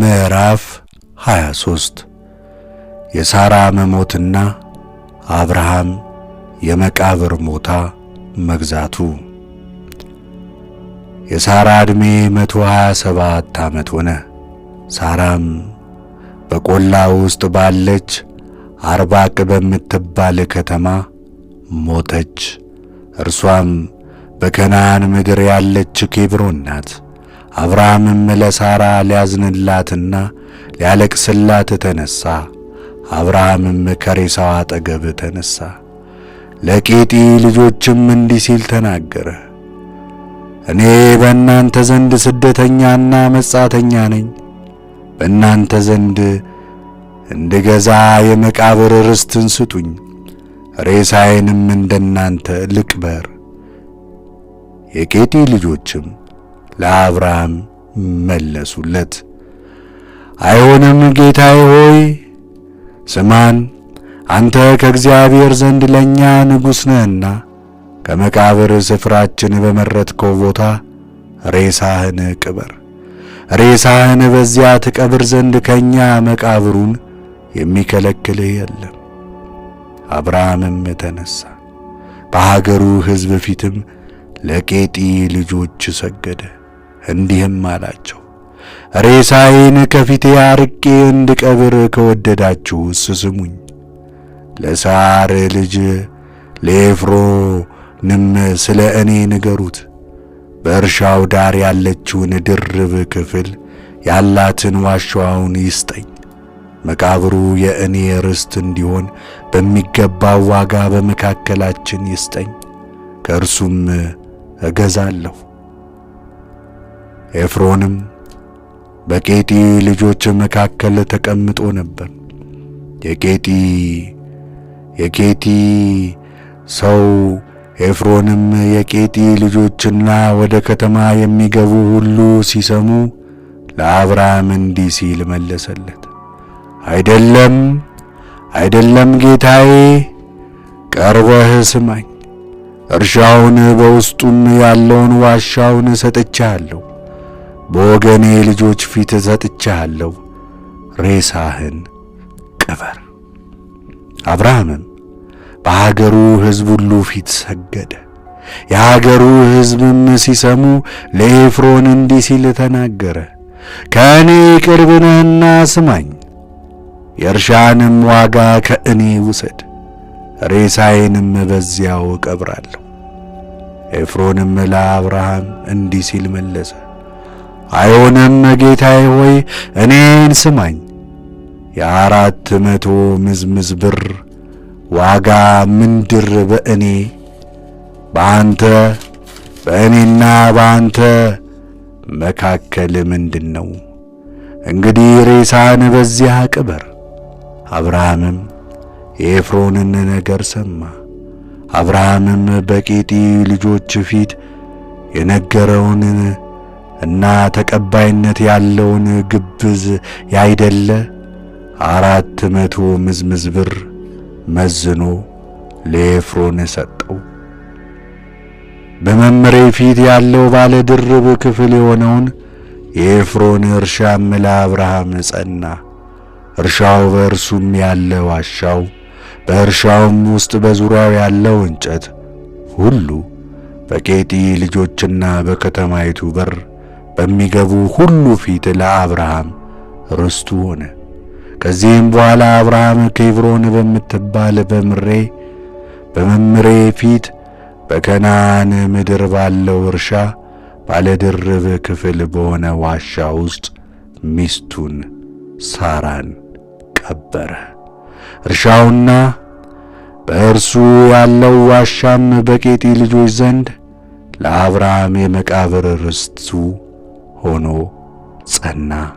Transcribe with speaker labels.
Speaker 1: ምዕራፍ 23 የሳራ መሞትና አብርሃም የመቃብር ሞታ መግዛቱ። የሳራ ዕድሜ 127 ዓመት ሆነ። ሳራም በቆላ ውስጥ ባለች አርባቅ በምትባል ከተማ ሞተች። እርሷም በከነዓን ምድር ያለች ኬብሮን ናት። አብርሃምም ለሳራ ሊያዝንላትና ሊያለቅስላት ተነሳ አብርሃምም ከሬሳው አጠገብ ተነሳ! ለቄጢ ልጆችም እንዲህ ሲል ተናገረ። እኔ በእናንተ ዘንድ ስደተኛና መጻተኛ ነኝ። በእናንተ ዘንድ እንድገዛ የመቃብር ርስትን ስጡኝ፣ ሬሳዬንም እንደናንተ ልቅበር። የቄጢ ልጆችም ለአብርሃም መለሱለት። አይሆንም ጌታዬ ሆይ ስማን፣ አንተ ከእግዚአብሔር ዘንድ ለእኛ ንጉሥ ነህና ከመቃብር ስፍራችን በመረጥከው ቦታ ሬሳህን ቅበር። ሬሳህን በዚያ ትቀብር ዘንድ ከእኛ መቃብሩን የሚከለክልህ የለም። አብርሃምም ተነሣ፣ በሀገሩ ሕዝብ ፊትም ለቄጢ ልጆች ሰገደ። እንዲህም አላቸው ሬሳዬን ከፊቴ አርቄ እንድቀብር ከወደዳችሁ ስሙኝ፣ ለሳር ልጅ ለኤፍሮንም ስለ እኔ ንገሩት። በእርሻው ዳር ያለችውን ድርብ ክፍል ያላትን ዋሻውን ይስጠኝ። መቃብሩ የእኔ ርስት እንዲሆን በሚገባው ዋጋ በመካከላችን ይስጠኝ፣ ከእርሱም እገዛለሁ። ኤፍሮንም በቄጢ ልጆች መካከል ተቀምጦ ነበር። የቄጢ የቄጢ ሰው ኤፍሮንም የቄጢ ልጆችና ወደ ከተማ የሚገቡ ሁሉ ሲሰሙ ለአብርሃም እንዲህ ሲል መለሰለት፣ አይደለም አይደለም፣ ጌታዬ ቀርበህ ስማኝ፣ እርሻውን በውስጡም ያለውን ዋሻውን ሰጥቻለሁ። በወገኔ ልጆች ፊት ሰጥቻለሁ፣ ሬሳህን ቅበር። አብርሃምም በአገሩ ሕዝብ ሁሉ ፊት ሰገደ። የአገሩ ሕዝብም ሲሰሙ ለኤፍሮን እንዲህ ሲል ተናገረ፣ ከእኔ ቅርብ ነህና ስማኝ፣ የእርሻንም ዋጋ ከእኔ ውሰድ፣ ሬሳዬንም በዚያው እቀብራለሁ። ኤፍሮንም ለአብርሃም እንዲህ ሲል መለሰ አይሆነም ጌታዬ ሆይ እኔን ስማኝ። የአራት መቶ ምዝምዝ ብር ዋጋ ምንድር በእኔ በአንተ በእኔና በአንተ መካከል ምንድን ነው? እንግዲህ ሬሳን በዚያ ቅበር። አብርሃምም የኤፍሮንን ነገር ሰማ። አብርሃምም በቄጢ ልጆች ፊት የነገረውን እና ተቀባይነት ያለውን ግብዝ ያይደለ አራት መቶ ምዝምዝ ብር መዝኖ ለኤፍሮን ሰጠው። በመምሬ ፊት ያለው ባለ ድርብ ክፍል የሆነውን የኤፍሮን እርሻም ለአብርሃም ጸና። እርሻው በእርሱም ያለ ዋሻው፣ በእርሻውም ውስጥ በዙሪያው ያለው እንጨት ሁሉ በቄጢ ልጆችና በከተማይቱ በር በሚገቡ ሁሉ ፊት ለአብርሃም ርስቱ ሆነ። ከዚህም በኋላ አብርሃም ኬብሮን በምትባል በምሬ በመምሬ ፊት በከናን ምድር ባለው እርሻ ባለድርብ ክፍል በሆነ ዋሻ ውስጥ ሚስቱን ሳራን ቀበረ። እርሻውና በእርሱ ያለው ዋሻም በቄጢ ልጆች ዘንድ ለአብርሃም የመቃብር ርስቱ ሆኖ ጸና።